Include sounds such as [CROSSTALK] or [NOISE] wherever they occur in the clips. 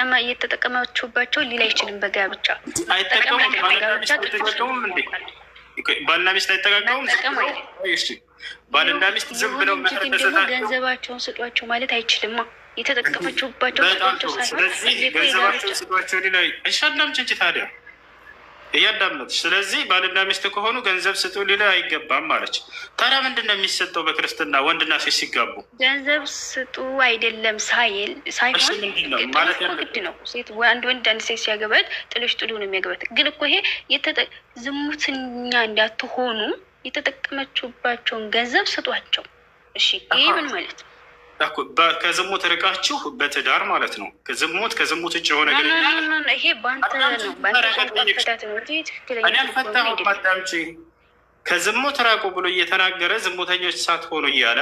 እየተጠቀመ እየተጠቀመችባቸው ሊል አይችልም። በጋብቻ አይጠቀሙም ባልና ሚስት አይጠቃቀሙም። ሚስት ዝም ብለው ገንዘባቸውን ስጧቸው ማለት አይችልም። የተጠቀመችባቸው ስለዚህ ገንዘባቸውን ስጧቸው ሊል እሺ፣ ችንች ታዲያ እያዳመጥ ስለዚህ ባልና ሚስት ከሆኑ ገንዘብ ስጡ ሌላ አይገባም ማለች። ታዲያ ምንድን ነው የሚሰጠው በክርስትና ወንድና ሴት ሲጋቡ? ገንዘብ ስጡ አይደለም ሳይል ሳይሆን ግድ ነው። ሴት አንድ ወንድ አንድ ሴት ሲያገባት ጥሎሽ ጥሉ ነው የሚያገባት። ግን እኮ ይሄ ዝሙትኛ እንዳትሆኑ የተጠቀመችባቸውን ገንዘብ ስጧቸው። እሺ ይህ ምን ማለት ነው? ከዝሙት ርቃችሁ በትዳር ማለት ነው። ከዝሙት ከዝሙት ውጭ የሆነ ከዝሙት ራቁ ብሎ እየተናገረ ዝሙተኞች ሳትሆኑ እያለ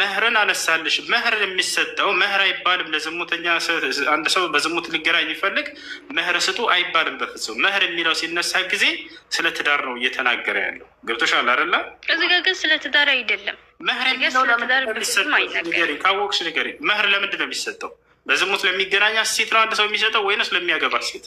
መህርን አነሳልሽ። መህር የሚሰጠው መህር አይባልም ለዝሙተኛ። አንድ ሰው በዝሙት ሊገናኝ የሚፈልግ መህር ስጡ አይባልም በፍጹም። መህር የሚለው ሲነሳ ጊዜ ስለ ትዳር ነው እየተናገረ ያለው። ገብቶሻል አይደለ? እዚህ ግን ስለ ትዳር አይደለም ካወቅሽ ንገሪኝ። መህር ለምንድን ነው የሚሰጠው? በዝሙት ለሚገናኛ ሴት ነው አንድ ሰው የሚሰጠው ወይነስ ለሚያገባ ሴት?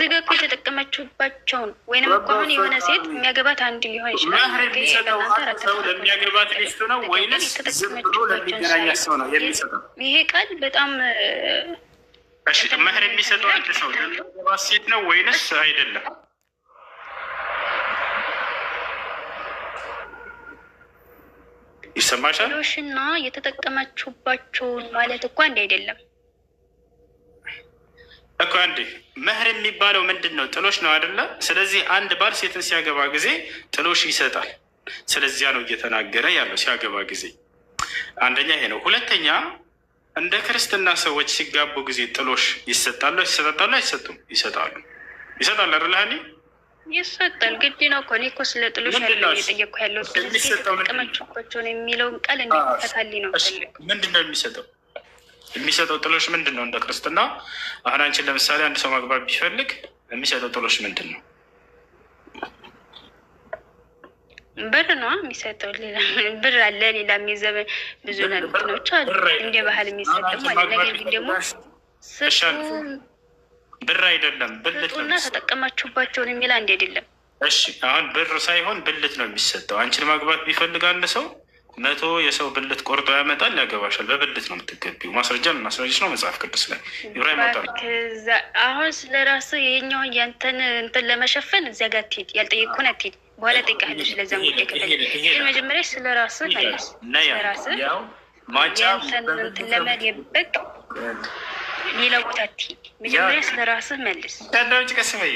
ዝገኮ የተጠቀመችባቸውን ወይንም እኮ አሁን የሆነ ሴት የሚያገባት አንድ ሊሆን ይችላል። መህር የሚሰጠው ሰው ለሚያገባት ሚስቱ ነው ወይንስ ዝም ሰው ነው የሚሰጠው? ይሄ ቃል በጣም መህር የሚሰጠው አንድ ሰው ለሚያገባት ሴት ነው ወይንስ አይደለም? ይሰማሻል? ሎሽና የተጠቀመችባቸውን ማለት እኮ አንድ አይደለም እኮ አንዴ መህር የሚባለው ምንድን ነው? ጥሎሽ ነው አይደለ? ስለዚህ አንድ ባል ሴትን ሲያገባ ጊዜ ጥሎሽ ይሰጣል። ስለዚያ ነው እየተናገረ ያለው ሲያገባ ጊዜ። አንደኛ ይሄ ነው። ሁለተኛ እንደ ክርስትና ሰዎች ሲጋቡ ጊዜ ጥሎሽ ይሰጣሉ፣ ይሰጣሉ፣ አይሰጡም? ይሰጣሉ። ይሰጣል አይደለ? ይሰጣል ግድ ነው እኮ እኔ እኮ ስለ ጥሎሽ ያለ እየጠየቅኩ ያለው ጥቅመችኮቸውን የሚለውን ቃል እንዲፈታል ነው። ምንድን ነው የሚሰጠው? የሚሰጠው ጥሎሽ ምንድን ነው? እንደ ክርስትና አሁን አንቺን ለምሳሌ አንድ ሰው ማግባት ቢፈልግ የሚሰጠው ጥሎሽ ምንድን ነው? ብር ነው የሚሰጠው። ብር አለ፣ ሌላ የሚዘበ ብዙ ነገሮች አሉ። እንደ ባህል የሚሰጠው ማለት ነገር ግን ደግሞ ብር አይደለም ብልት ነውና ተጠቀማችሁባቸውን የሚል አንድ አይደለም። እሺ አሁን ብር ሳይሆን ብልት ነው የሚሰጠው። አንቺን ማግባት ቢፈልግ አንድ ሰው መቶ የሰው ብልት ቆርጦ ያመጣል፣ ያገባሻል። በብልት ነው የምትገቢው። ማስረጃ ማስረጅች ነው መጽሐፍ ቅዱስ ላይ ኢብራሂም ወጣ። አሁን ስለ ራሱ ይሄኛውን ያንተን እንትን ለመሸፈን እዚያ ጋር ትሄድ ያልጠየቅኩን አትሄድ። በኋላ ጠይቃለሁ። ስለዛ ጉዳይ ከተል ግን መጀመሪያ ስለ ራሱ ራስ ማጫ ለመደበቅ ሌላ ቦታ መጀመሪያ ስለ ራስህ መልስ። ዳዳምጭ ቀስ በይ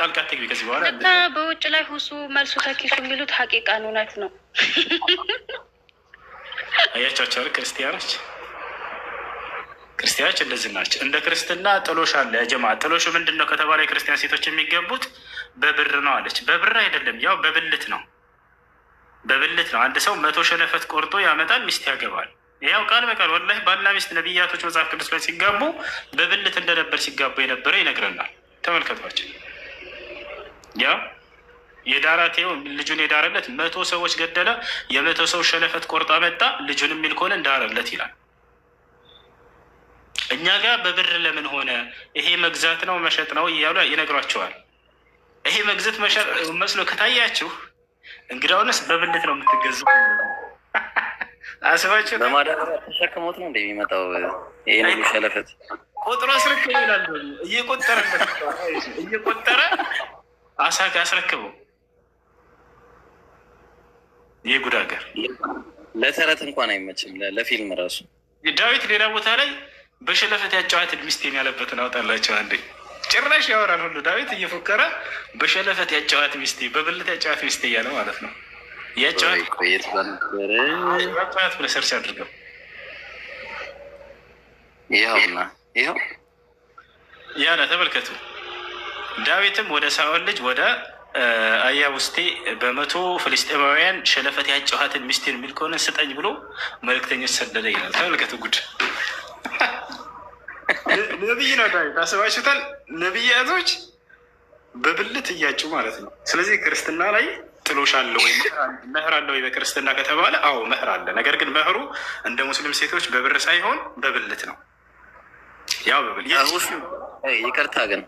ጣልቃ ትግቢ። ከዚህ በኋላ እና በውጭ ላይ ሁሱ መልሱ ተኪሱ የሚሉት ሀቂቃ እውነት ነው። [LAUGHS] አያቻቸው ክርስቲያኖች ክርስቲያኖች እንደዚህ ናቸው። እንደ ክርስትና ጥሎሽ አለ ጀማ ጥሎሹ ምንድን ነው ከተባለ የክርስቲያን ሴቶች የሚገቡት በብር ነው አለች። በብር አይደለም ያው በብልት ነው፣ በብልት ነው። አንድ ሰው መቶ ሸነፈት ቆርጦ ያመጣል፣ ሚስት ያገባል። ያው ቃል በቃል ወላሂ ባልና ሚስት ነቢያቶች መጽሐፍ ቅዱስ ላይ ሲጋቡ በብልት እንደነበር ሲጋቡ የነበረ ይነግረናል። ተመልከቷቸው። ያ የዳራቴው ልጁን የዳረለት መቶ ሰዎች ገደለ፣ የመቶ ሰው ሸለፈት ቆርጣ መጣ፣ ልጁን የሚል ከሆነ እንዳረለት ይላል። እኛ ጋር በብር ለምን ሆነ ይሄ መግዛት ነው መሸጥ ነው እያሉ ይነግሯቸዋል። ይሄ መግዛት መስሎ ከታያችሁ እንግዳውንስ በብልት ነው የምትገዙ አስባችሁ በማዳበሪያ ተሸክሞት ነው እንደ የሚመጣው ይሄ ነው ሸለፈት ቁጥሩ አስረክበው ይላሉ። እየቆጠረ እየቆጠረ አስረክበው የጉድ ሀገር ለተረት እንኳን አይመችም፣ ለፊልም ራሱ ዳዊት ሌላ ቦታ ላይ በሸለፈት ያጫዋትን ሚስቴን ያለበትን አውጣላቸው አንዴ ጭራሽ ያወራል ሁሉ ዳዊት እየፎከረ በሸለፈት ያጫዋት ሚስቴ፣ በብልት ያጫዋት ሚስቴ እያለ ማለት ነው። የጨዋት ብለህ ተመልከቱ። ዳዊትም ወደ ሳኦል ልጅ ወደ አያቡስቴ በመቶ ፍልስጤማውያን ሸለፈት ያጨኋትን ሚስቴን የሚል ከሆነ ስጠኝ ብሎ መልእክተኞች ሰደደ ይላል። ተመልከቱ ጉድ ነቢይ ነው ዳዊት። አስባችሁታል? ነቢያቶች በብልት እያጩ ማለት ነው። ስለዚህ ክርስትና ላይ ጥሎሽ አለ ወይ መህር አለ ወይ በክርስትና ከተባለ አዎ መህር አለ። ነገር ግን መህሩ እንደ ሙስሊም ሴቶች በብር ሳይሆን በብልት ነው። ያው በብልት ይቅርታ፣ ግን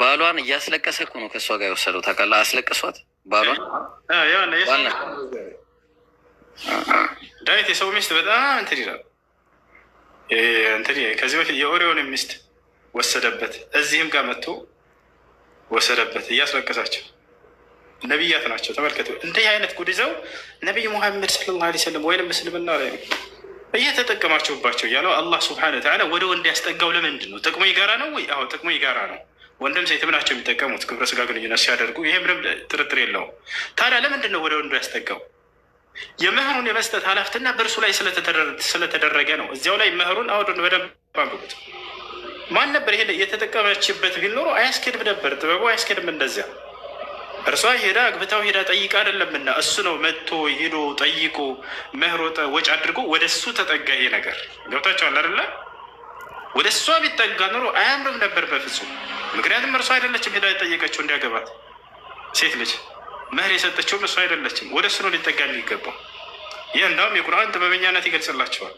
ባሏን እያስለቀሰ እኮ ነው ከእሷ ጋር የወሰደው ታውቃለህ። አስለቅሷት ባሏን ዳዊት የሰው ሚስት በጣም እንትን ይላል እንትን ከዚህ በፊት የኦሪዮን ሚስት ወሰደበት፣ እዚህም ጋር መጥቶ ወሰደበት እያስለቀሳቸው ነቢያት ናቸው። ተመልከቱ እንዲህ አይነት ጉድ ይዘው ነቢይ ሙሐመድ ሰለላሁ ዓለይሂ ወሰለም ወይም ምስልምና ላይ እየተጠቀማችሁባቸው እያለው አላህ ስብሐነሁ ወተዓላ ወደ ወንድ ያስጠጋው ለምንድን ነው? ጥቅሙ ጋራ ነው ወይ? አዎ ጥቅሙ የጋራ ነው። ወንድም ሴትም ናቸው የሚጠቀሙት ግብረ ስጋ ግንኙነት ሲያደርጉ፣ ይሄ ምንም ጥርጥር የለውም። ታዲያ ለምንድን ነው ወደ ወንዱ ያስጠጋው? የምህሩን የመስጠት ሀላፍትና በእርሱ ላይ ስለተደረገ ነው። እዚያው ላይ ምህሩን አውዱን በደንብ አንብቡት። ማን ነበር ይሄ የተጠቀመችበት? ቢኖሩ አያስኬድም ነበር፣ ጥበቡ አያስኬድም እንደዚያ እርሷ ሄዳ አግብታው ሄዳ ጠይቃ አይደለምና እሱ ነው መጥቶ ሄዶ ጠይቆ መህሮጠ ወጪ አድርጎ ወደ እሱ ተጠጋ። ይሄ ነገር ገብታችኋል አይደለ? ወደ እሷ ቢጠጋ ኑሮ አያምርም ነበር በፍጹም። ምክንያቱም እርሷ አይደለችም ሄዳ የጠየቀችው እንዲያገባት ሴት ልጅ መህር የሰጠችውም እሷ አይደለችም። ወደ እሱ ነው ሊጠጋ የሚገባው። ይህ እንዳውም የቁርአን ጥበበኛነት ይገልጽላቸዋል።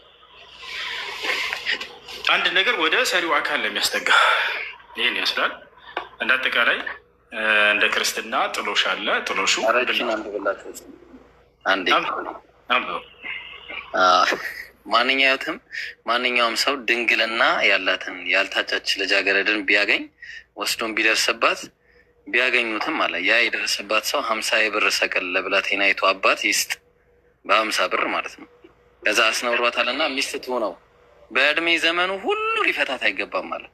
አንድ ነገር ወደ ሰሪው አካል ለሚያስጠጋ ይህን ይመስላል እንደ አጠቃላይ እንደ ክርስትና ጥሎሽ አለ። ጥሎሹ ማንኛውም ማንኛውም ሰው ድንግልና ያላትን ያልታጫች ልጃገረድን ቢያገኝ ወስዶን ቢደርስባት ቢያገኙትም አለ ያ የደረሰባት ሰው ሀምሳ የብር ሰቅል ለብላቴናይቱ አባት ይስጥ፣ በሀምሳ ብር ማለት ነው። ከዛ አስነውሯታል አስነውሯታልና ሚስት ትሁነው በእድሜ ዘመኑ ሁሉ ሊፈታት አይገባም ማለት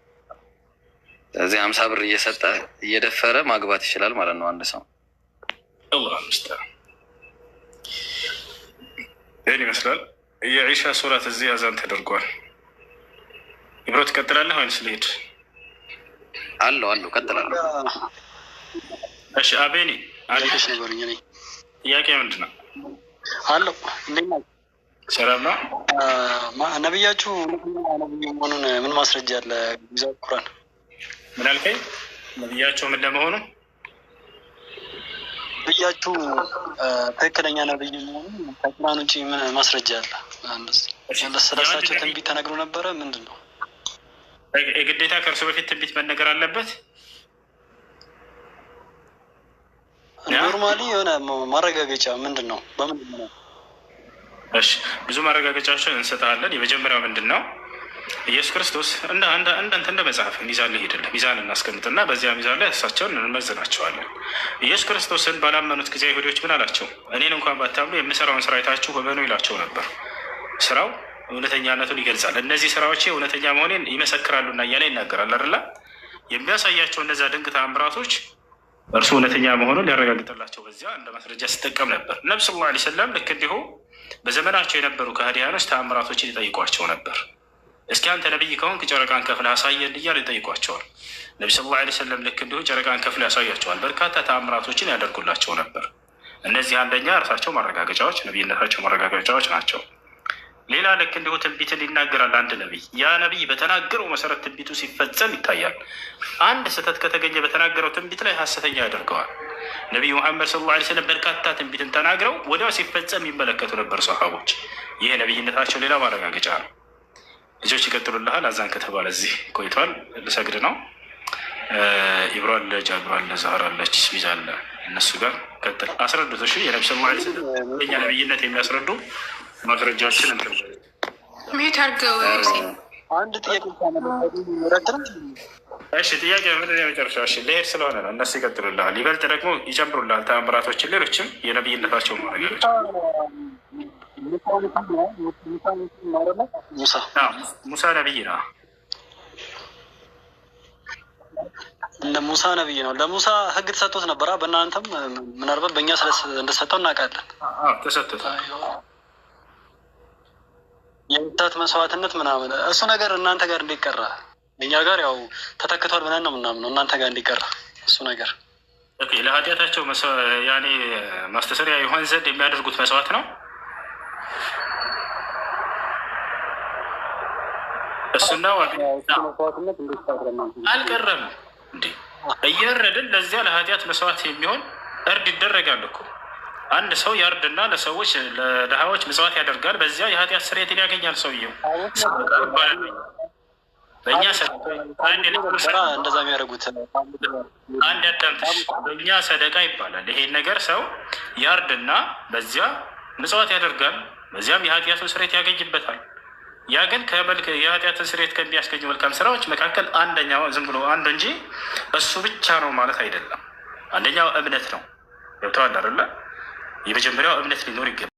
እዚህ አምሳ ብር እየሰጠ እየደፈረ ማግባት ይችላል ማለት ነው አንድ ሰው። ይህን ይመስላል። የኢሻ ሶላት እዚህ አዛን ተደርጓል። ይብሮ ትቀጥላለህ ወይንስ ልሄድ? አለው አለው፣ ቀጥላለሁ። እሺ አቤኒ ጥያቄ ምንድን ነው? አለው ሰላም ነው ነብያችሁ መሆኑን ምን ማስረጃ አለ? ጊዜ ቁራን ምን አልከኝ? ነብያቸው ምን ለመሆኑ ነብያችሁ ትክክለኛ ነብይ መሆኑ ከቁርአን ውጭ ምን ማስረጃ አለ? ስለሳቸው ትንቢት ተነግሮ ነበረ። ምንድን ነው የግዴታ ከእርሱ በፊት ትንቢት መነገር አለበት? ኖርማሊ የሆነ ማረጋገጫ ምንድን ነው? በምንድን ነው? እሺ ብዙ ማረጋገጫዎችን እንሰጣለን። የመጀመሪያው ምንድን ነው ኢየሱስ ክርስቶስ እንዳንተ እንደ መጽሐፍ ሚዛን ሄደለ ሚዛን እናስቀምጥና በዚያ ሚዛን ላይ እሳቸውን እንመዝናቸዋለን። ኢየሱስ ክርስቶስን ባላመኑት ጊዜ አይሁዶች ምን አላቸው? እኔን እንኳን ባታምኑ የምሰራውን ስራ አይታችሁ ወበኑ ይላቸው ነበር። ስራው እውነተኛነቱን ይገልጻል። እነዚህ ስራዎች እውነተኛ መሆኔን ይመሰክራሉና እያለ ይናገራል አይደለ? የሚያሳያቸው እነዚያ ድንቅ ተአምራቶች እርሱ እውነተኛ መሆኑን ሊያረጋግጥላቸው በዚያ እንደ ማስረጃ ሲጠቀም ነበር። ነብ ስ ላ ሰለም ልክ እንዲሁ በዘመናቸው የነበሩ ከሃዲያኖች ተአምራቶችን ይጠይቋቸው ነበር። እስኪ አንተ ነቢይ ከሆንክ ጨረቃን ከፍለ አሳየን እያሉ ይጠይቋቸዋል። ነቢ ስ ላ ሰለም ልክ እንዲሁ ጨረቃን ከፍለ ያሳያቸዋል። በርካታ ተአምራቶችን ያደርጉላቸው ነበር። እነዚህ አንደኛ እርሳቸው ማረጋገጫዎች፣ ነቢይነታቸው ማረጋገጫዎች ናቸው። ሌላ ልክ እንዲሁ ትንቢትን ይናገራል አንድ ነቢይ። ያ ነቢይ በተናገረው መሰረት ትንቢቱ ሲፈጸም ይታያል። አንድ ስህተት ከተገኘ በተናገረው ትንቢት ላይ ሀሰተኛ ያደርገዋል። ነቢይ መሐመድ ሰለላሁ ላ ስለም በርካታ ትንቢትን ተናግረው ወዲያው ሲፈጸም ይመለከቱ ነበር ሰሃቦች። ይህ ነቢይነታቸው ሌላ ማረጋገጫ ነው። ልጆች ይቀጥሉልሃል። አዛን ከተባለ እዚህ ቆይቷል። ልሰግድ ነው። ኢብሮ አለ፣ ጃብሮ አለ፣ ዛህር አለች፣ ቢዛ አለ። እነሱ ጋር ቀጥል አስረዱት። እሺ የነቢ ስ ኛ ነብይነት የሚያስረዱ ማስረጃዎችን እንትን ሜት አድርገው አንድ ጥያቄ እሺ ጥያቄ ምንድን የመጨረሻ እሺ ልሄድ ስለሆነ ነው። እነሱ ይቀጥሉልሃል። ይበልጥ ደግሞ ይጨምሩልሃል ተአምራቶችን፣ ሌሎችም የነብይነታቸው ማረጋገጫ ሙሳ ነብይ ነው። እንደ ሙሳ ነብይ ነው። ለሙሳ ህግ ተሰጥቶት ነበራ። በእናንተም ምናልባት በእኛ እንደተሰጠው እናውቃለን። ተሰጥቶት የእንስሳት መስዋዕትነት ምናምን እሱ ነገር እናንተ ጋር እንዲቀራ እኛ ጋር ያው ተተክቷል ብለን ነው ምናምነው። እናንተ ጋር እንዲቀራ እሱ ነገር ለኃጢአታቸው ያኔ ማስተሰሪያ ይሆን ዘንድ የሚያደርጉት መስዋዕት ነው። እሱና አልቀረም እንዴ እየረድን ለዚያ ለኃጢአት መስዋዕት የሚሆን እርድ ይደረጋል እኮ አንድ ሰው ያርድና ለሰዎች ለድሃዎች ምጽዋት ያደርጋል። በዚያ የኃጢአት ስርየትን ያገኛል ሰውየው። በእኛ አንድ አዳምጥሽ፣ በእኛ ሰደቃ ይባላል። ይሄን ነገር ሰው ያርድና በዚያ ምጽዋት ያደርጋል። በዚያም የኃጢአቱን ስርየት ያገኝበታል። ያ ግን የኃጢአት ስርየት ከሚያስገኙ መልካም ስራዎች መካከል አንደኛው ዝም ብሎ አንዱ እንጂ እሱ ብቻ ነው ማለት አይደለም። አንደኛው እምነት ነው። ገብተዋል አይደለ? የመጀመሪያው እምነት ሊኖር ይገባል።